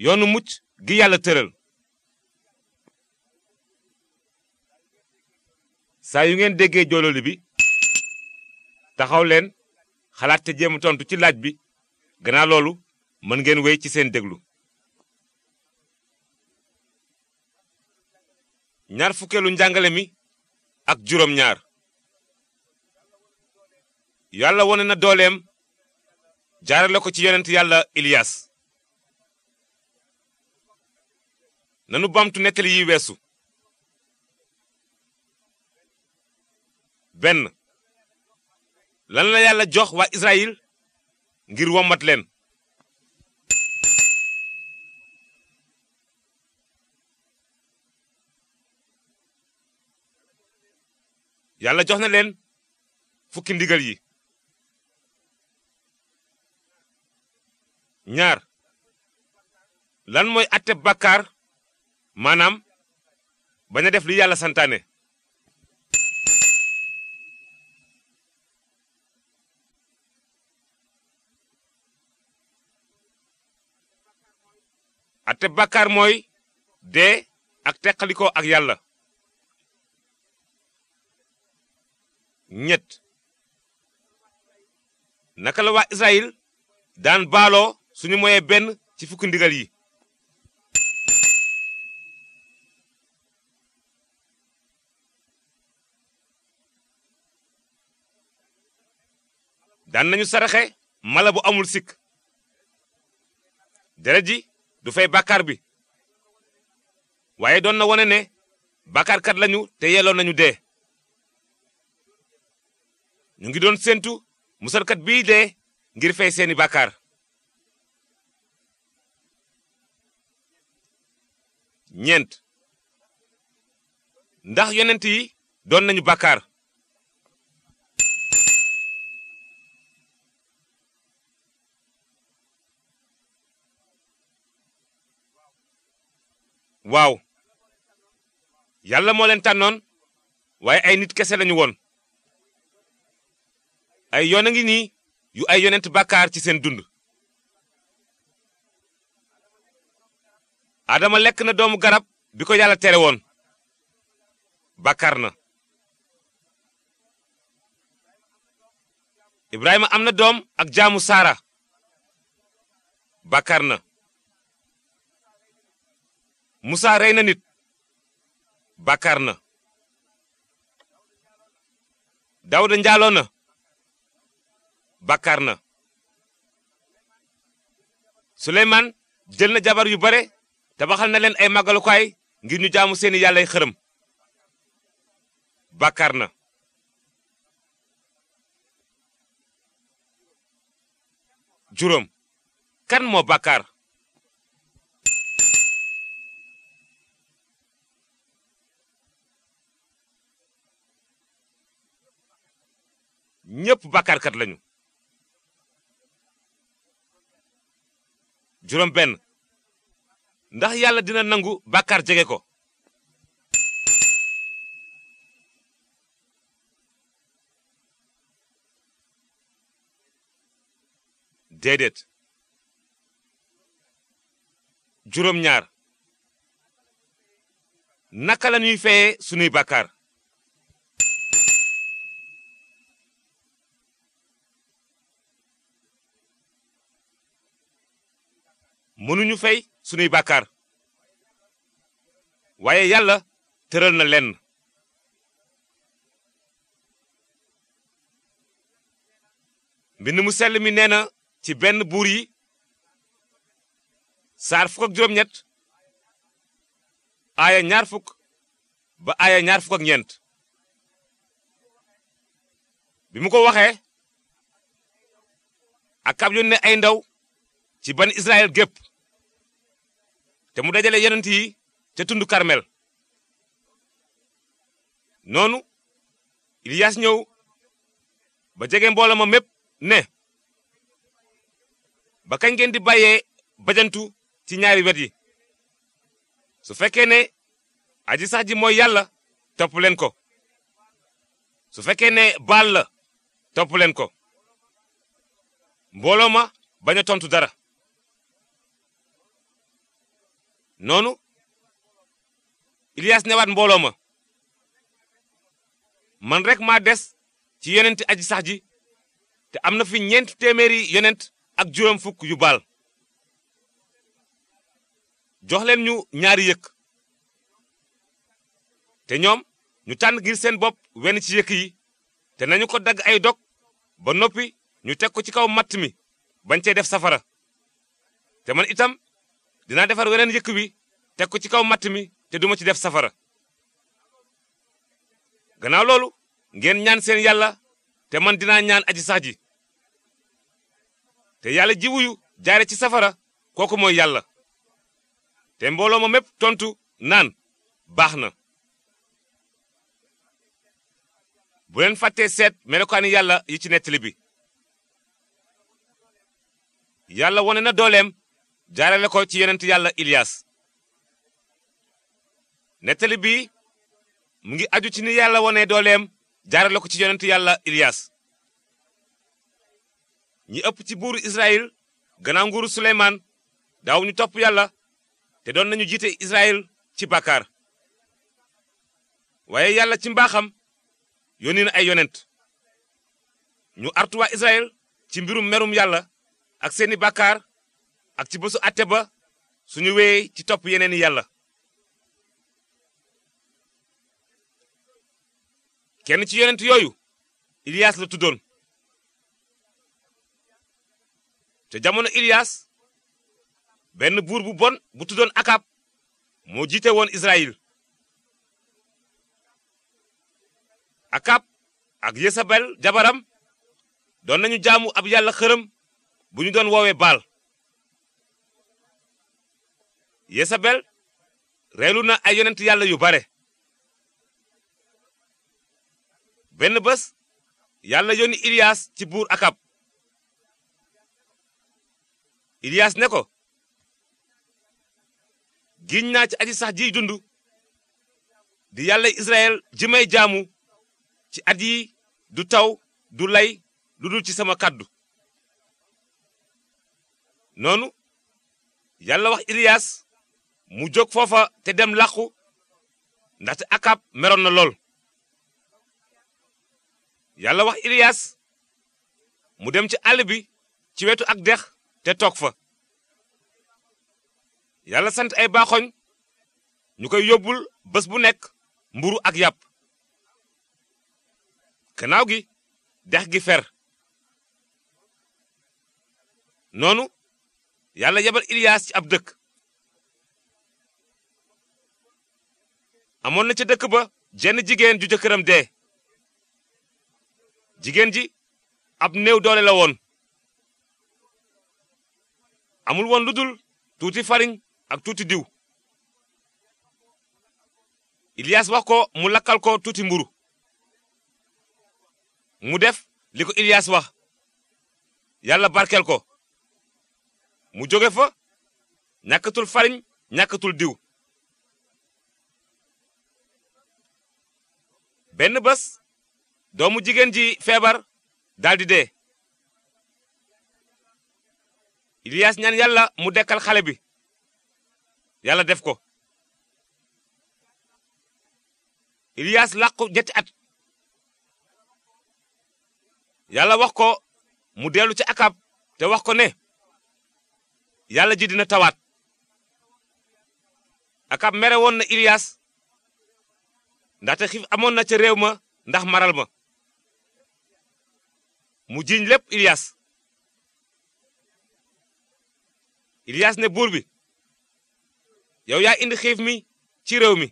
yoonu mucc gi yàlla tëral saa yu ngeen déggee joololi bi taxaw leen xalaat te jéem tontu ci laaj bi gannaaw loolu mën ngeen wéy ci seen déglu ñaar fukkeelu njàngale mi ak juróom ñaar yàlla wone na dooleem jaarale ko ci yonent yàlla Ilias nanu bamtu nettali yi weesu benn lan la yàlla jox waa Israël ngir wommat leen yàlla jox na leen fukki ndigal yi ñaar lan mooy atte bàkkaar maanaam bañ def li yàlla santaane. ate bàkkaar mooy dee ak teqaliko ak yàlla. ñett naka la wa Israël daan baaloo suñu moyee benn ci fukki ndigal yi. daan nañu saraxe mala bu amul sikk deret ji du fay bàkkaar bi waaye doon na wone ne bàkkaarkat lañu te yelloo nañu dee ñu ngi doon séentu musalkat bii dee ngir fay seeni bàkkaar ñeent ndax yonent yi doon nañu bàkkaar waaw yàlla moo leen tànnoon waaye ay nit kese lañu woon ay yoon a ngi nii yu ay yonent bàkkaar ci seen dund adama lekk na doomu garab bi ko yàlla tere woon bàkkaar na ibrahima am na doom ak jaamu saara bàkkaar na Musaa rey na nit bàkkaar na Dawuda njaaloo na bàkkaar na Suleymaan jël na jabar yu bare tabaxal na leen ay magalukaay ngir ñu jaamu seeni yàllay xërëm bàkkaar na juróom kan moo bàkkaar ñépp bàkkaarkat lañu juróom benn ndax yàlla dina nangu bàkkaar jege ko déedéet juróom ñaar naka lañuy ñuy feye sunuy bàkkaar mënuñu fay sunuy bàkkaar waaye yàlla tëral na lenn mbind mu sell mi neena ci benn buur yi saar fukk ak juróom-ñett aaya ñaar fukk ba aaya ñaar fukk ak ñeent bi mu ko waxee Akab yónnee ay ndaw ci ban Israël gépp te mu dajale yonent yi te tund Karmel noonu Ilias ñëw ba jege mbooloo ma mépp ne ba kañ ngeen di bàyyee bajantu ci ñaari wet yi su fekkee ne aji sax ji mooy yàlla topp leen ko su fekkee ne baal la topp ko mbooloo ma bañ a tontu dara noonu Ilias newaat mbooloo ma man rekk maa des ci yeneenti aji sax ji te am na fi ñeent téeméeri yeneent ak juróom fukk yu baal jox leen ñu ñaar yëkk te ñoom ñu tànn ngir seen bopp wenn ci yëkk yi te nañu ko dagg ay dog ba noppi ñu teg ko ci kaw matt mi bañ cey def safara te man itam dinaa defar weneen yëkk bi teg ko ci kaw matt mi te duma ci def safara gannaaw loolu ngeen ñaan seen yàlla te man dinaa ñaan aji sax te yàlla ji wuyu jaare ci safara kooku mooy yàlla te mbooloo ma mépp tontu naan baax na bu leen fàttee seet melokaani yàlla yi ci nettali bi yàlla wone na dooleem jaarale ko ci yonent yàlla Ilias nettali bi mu ngi aju ci ni yàlla wone dooleem jaarale ko ci yonent yàlla Ilias ñi ëpp ci buur Israël gannaaw nguuru Suleymaan daawuñu topp yàlla te doon nañu jiite Israël ci bàkkaar waaye yàlla ci mbaaxam yónni ay yonent ñu artu waa Israël ci mbirum merum yàlla ak seeni bàkkaar ak ci bësu àtte ba suñu wéy ci top yeneen yàlla kenn ci yonent yooyu Ilias la tuddoon te jamono Ilias benn buur bu bon bu tuddoon Akab moo jiite woon Israyil Akab ak Yesabel jabaram doon nañu jaamu ab yàlla xërëm bu ñu doon woowee Baal yesabel reelu na ay yonent yàlla yu bare benn bés yàlla yónni ilias ci buur akab ilias ne ko giñ naa ci aji sax jiy dund di yàlla israel ji may jaamu ci at yi du taw du lay lu dul ci sama kàddu noonu yàlla wax ilias mu jóg foofa te dem làqu ndaxte akab meroon na lool yàlla wax iliyaas mu dem ci àll bi ci wetu ak dex te toog fa yàlla sant ay baaxoñ ñu koy yóbbul bés bu nekk mburu ak yàpp gannaaw gi dex gi fer noonu yàlla yebal iliyaas ci ab dëkk amoon na ca dëkk ba jenn jigéen ju jëkkëram dee jigéen ji ab néew doole la woon amul woon lu dul tuuti fariñ ak tuuti diw Ilias wax ko mu lakkal ko tuuti mburu mu def li ko Ilias wax yàlla barkel ko mu jóge fa ñàkkatul fariñ ñàkkatul diw benn bés doomu jigéen ji feebar daldi de Ilias ñaan yàlla mu dekkal xale bi yàlla def ko Ilias làqu ñetti at yàlla wax ko mu dellu ci akab te wax ko ne yàlla ji dina tawaat akab mere woon na Ilias ndaxte xiif amoon na ca réew ma ndax maral ma mu jiiñ lépp Ilias Ilias ne buur bi yow yaa indi xiif mi ci réew mi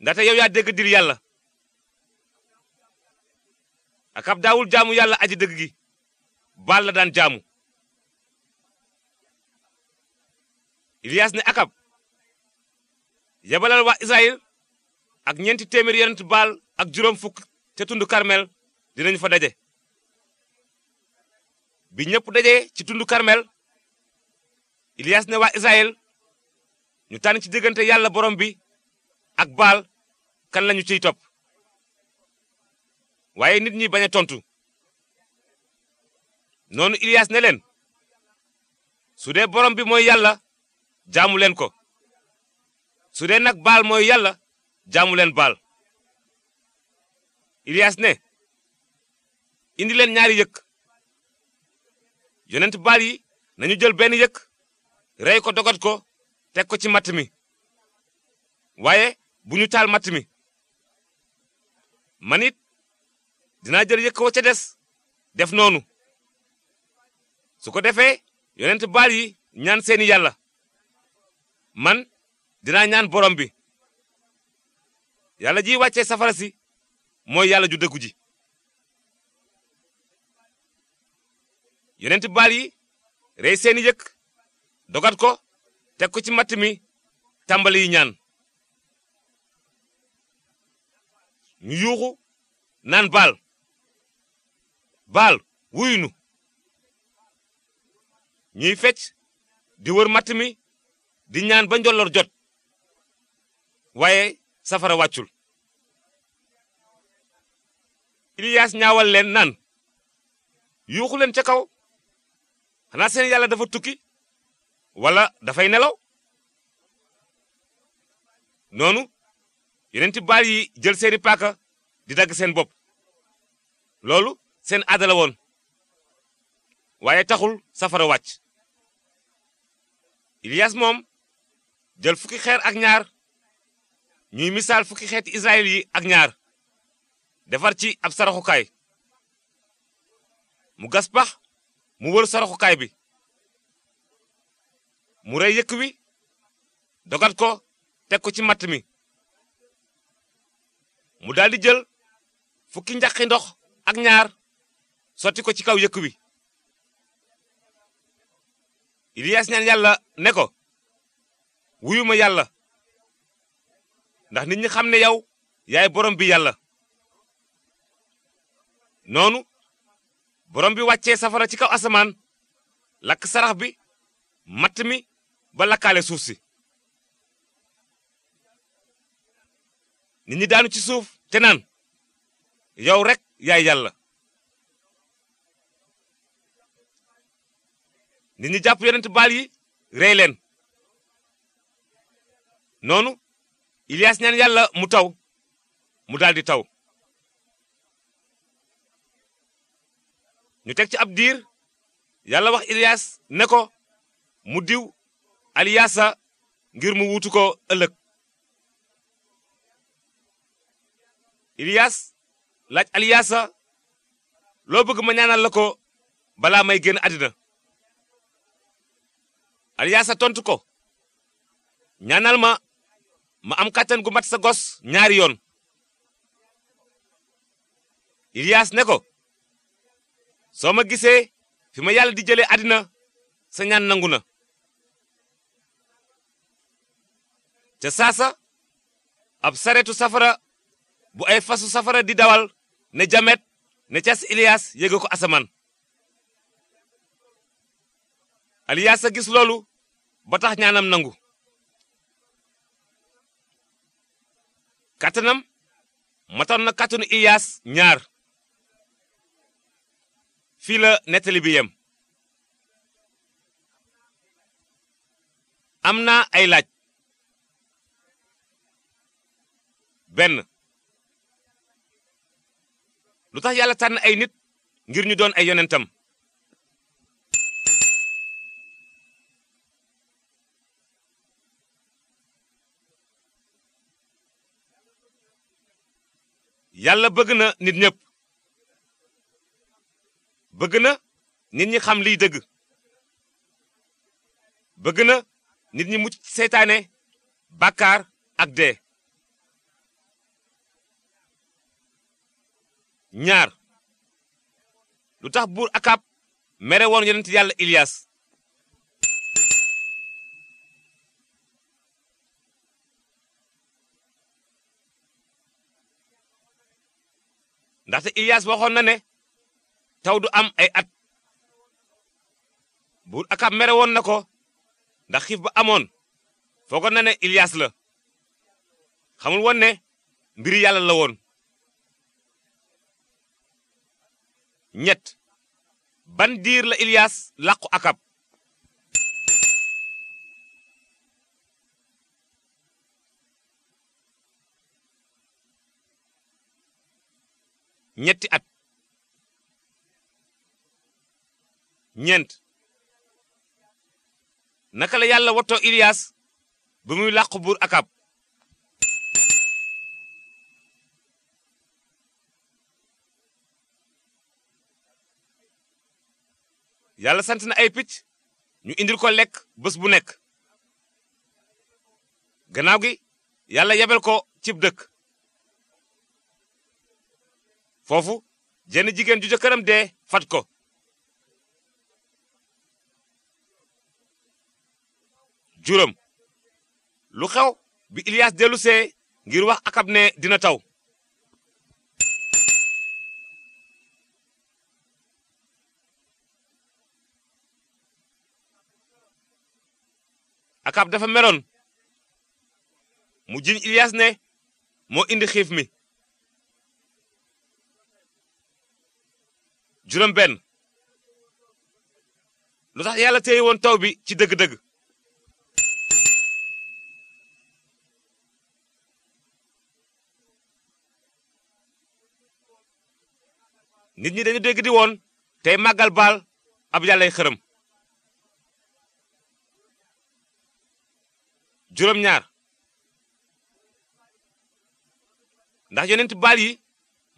ndate yow yaa dégg dir yàlla akab daawul jaamu yàlla aji dëgg gi baal la daan jaamu Ilias ne akab yabalal waa Israyil ak ñeenti téeméer yonent baal ak juróom fukk ca tund karmeel dinañu fa daje bi ñëpp daje ci tund karmel Ilias ne waa Israël ñu tànn ci diggante yàlla borom bi ak baal kan lañu ciy topp waaye nit ñi bañ a tontu noonu Ilias ne leen su dee borom bi mooy yàlla jaamu leen ko su dee nag baal mooy yàlla jaamu leen baal ilias ne indi leen ñaari yëkk yonent baal yi nañu jël benn yëkk rey ko dogat ko teg ko ci matt mi waaye bu ñu taal matt mi man it dinaa jël yëkk wa des def noonu su ko defee yonent baal yi ñaan seeni yàlla man dinaa ñaan borom bi yàlla ji wàccee safara si mooy yàlla ju dëggu ji yonent baal yi rey seeni yëkk dogat ko teg ko ci matt mi tàmbali ñaan ñu yuuxu naan baal baal wuyu nu ñuy fecc di wër matt mi di ñaan ba njolloor jot waaye safara wàccul iliyaas ñaawal leen naan yuuxu ca kaw xanaa seen yàlla dafa tukki wala dafay nelaw noonu yeneen ti baal yi jël seeni paaka di dagg seen bopp loolu seen aada woon waaye taxul safara wàcc iliyaas moom jël fukki xeer ak ñaar ñuy misaal fukki xeeti israel yi ak ñaar defar ci ab saraxukaay mu gas pax mu wër saraxukaay bi mu rey yëkk wi dogat ko teg ko ci matt mi mu daldi jël fukki njaqi ndox ak ñaar sotti ko ci kaw yëkk wi Ilias ñaan yàlla ne ko wuyuma yàlla ndax nit ñi xam ne yow yaay borom bi yàlla noonu borom bi wàccee safara ci kaw asamaan lakk sarax bi matt mi ba lakkaale suuf si nit ñi daanu ci suuf te naan yow rek yaay yàlla nit ñi jàpp yonent baal yi rey noonu Ilias ñaan yàlla mu taw mu daldi taw ñu teg ci ab diir yàlla wax Ilias ne ko mu diw Aliyasa ngir mu wuutu ko ëllëg Ilias laaj Aliyasa loo bëgg ma ñaanal la ko balaa may génn àddina Aliyasa tontu ko ñaanal ma ma am kàttan gu mat sa gos ñaari yoon Ilias ne ko soo ma gisee fi ma yàlla di jëlee àddina sa nangu na ca saasa ab saretu safara bu ay fasu safara di dawal ne jamet ne cas Ilias yéga ko asamaan sa gis loolu batax tax ñaanam nangu kàttanam matoon na kàttanu Ilias ñaar fii la bi yem am na ay laaj benn lu tax yàlla tànn ay nit ngir ñu doon ay yonentam yàlla bëgg na nit ñëpp bëgg na nit ñi xam liy dëgg bëgg na nit ñi mucc seytaane bàkkaar ak dee ñaar lu tax buur akab mere woon yonent yàlla Ilias ndaxte Ilias waxoon na ne taw du am ay at buur akab mere woon na ko ndax xiif ba amoon foogoon na ne Ilias la xamul woon mbiri yàlla la woon ñett ban diir la Ilias làqu akab ñetti at ñeent naka la yàlla wattoo Ilias ba muy làqu buur Akab yàlla sant na ay picc ñu indil ko lekk bés bu nekk gannaaw gi yàlla yebel ko cib dëkk foofu jenn jigéen ju jëkkëram dee faj ko juróom lu xew bi Ilias dellusee ngir wax akab ne dina taw akab dafa meloon mu jiñ Ilias ne moo indi xiif mi juróom benn lu tax yàlla téye woon taw bi ci dëgg-dëgg nit ñi dañu dégg di woon tey màggal baal ab yàllay xërëm juróom-ñaar ndax yonent baal yi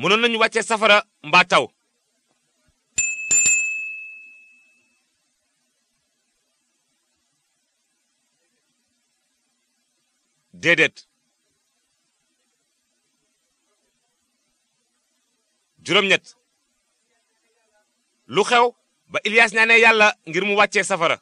mënoon nañu wàccee safara mbaa taw déedéet juróom-ñett lu xew ba Ilias ñaanee yàlla ngir mu wàccee safara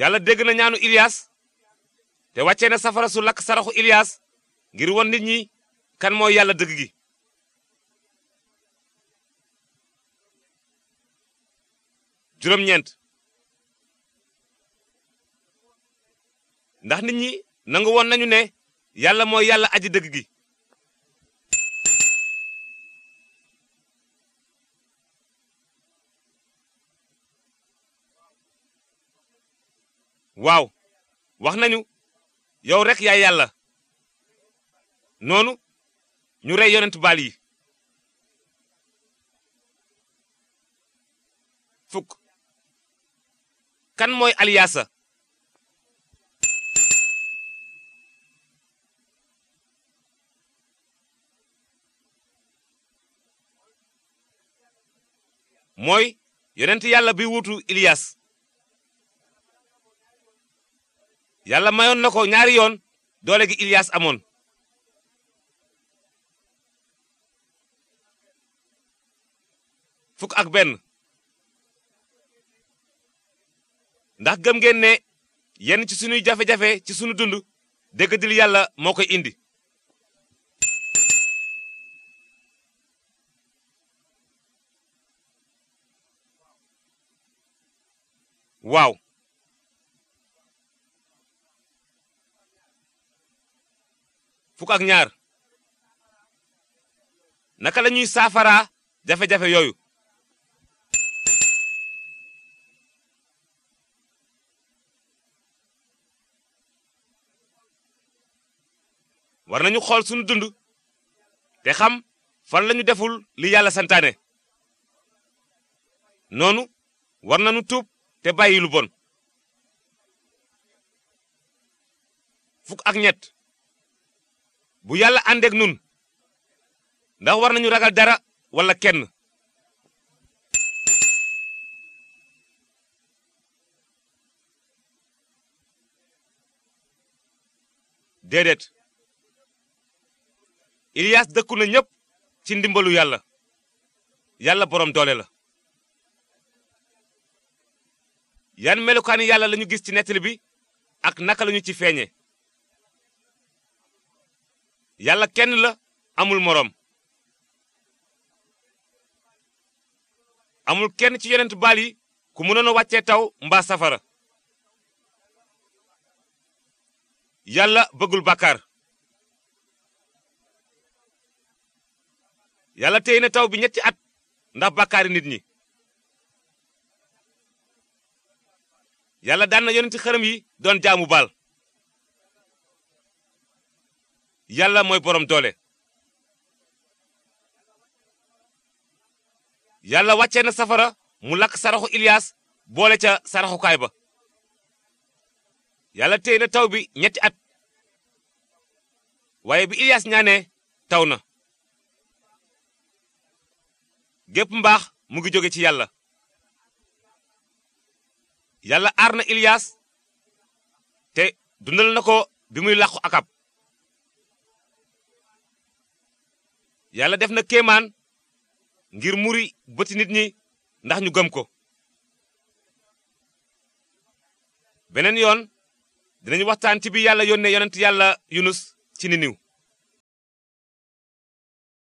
yàlla dégg na ñaanu Ilias te wàccee na safara su saraxu Ilias ngir won nit ñi kan mooy yàlla dëgg gi juróom-ñeent ndax nit ñi nangu woon nañu ne yàlla mooy yàlla aji dëgg gi waaw wax nañu yow rek yaay yàlla noonu ñu rey yonent baal yi fukk kan mooy aliyaasa mooy yonent yàlla bi wutu Iliyas yàlla mayoon na ko ñaari yoon doole gi Iliyas amoon fuk ak benn ndax gëm ngeen ne yenn ci sunuy jafe-jafe ci sunu dund déggadil yàlla moo koy indi waaw fukk ak ñaar naka lañuy saafara jafe-jafe yooyu war nañu xool sunu dund te xam fan lañu deful li yàlla santaane noonu war nañu tuub te bàyyi lu bon fukk ak ñett bu yàlla àndeek nun ndax war nañu ragal dara wala kenn déedéet Ilias dëkku na ñépp ci ndimbalu yàlla yàlla boroom doole la yan melukaani yàlla lañu gis ci nettali bi ak naka lañu ci feeñe yàlla kenn la amul moroom amul kenn ci yonent baal yi ku mënoon a wàccee taw mbaa safara yàlla bëggul bàkkaar yàlla téye na taw bi ñetti at ndax bàkkaari nit ñi yàlla daan na yonenti xërëm yi doon jaamu baal yàlla mooy boroom doole yàlla wàccee na safara mu lakk saraxu Ilias boole ca saraxukaay ba yàlla téye na taw bi ñetti at waaye bi Ilias ñaanee taw na gépp mbaax mu ngi jóge ci yàlla yàlla aar na Ilias te dundal na ko bi muy làqu akab yàlla def na kéemaan ngir muri bëti nit ñi ndax ñu gëm ko beneen yoon dinañu waxtaan ci bi yàlla yónnee yonent yàlla yunus ci niniw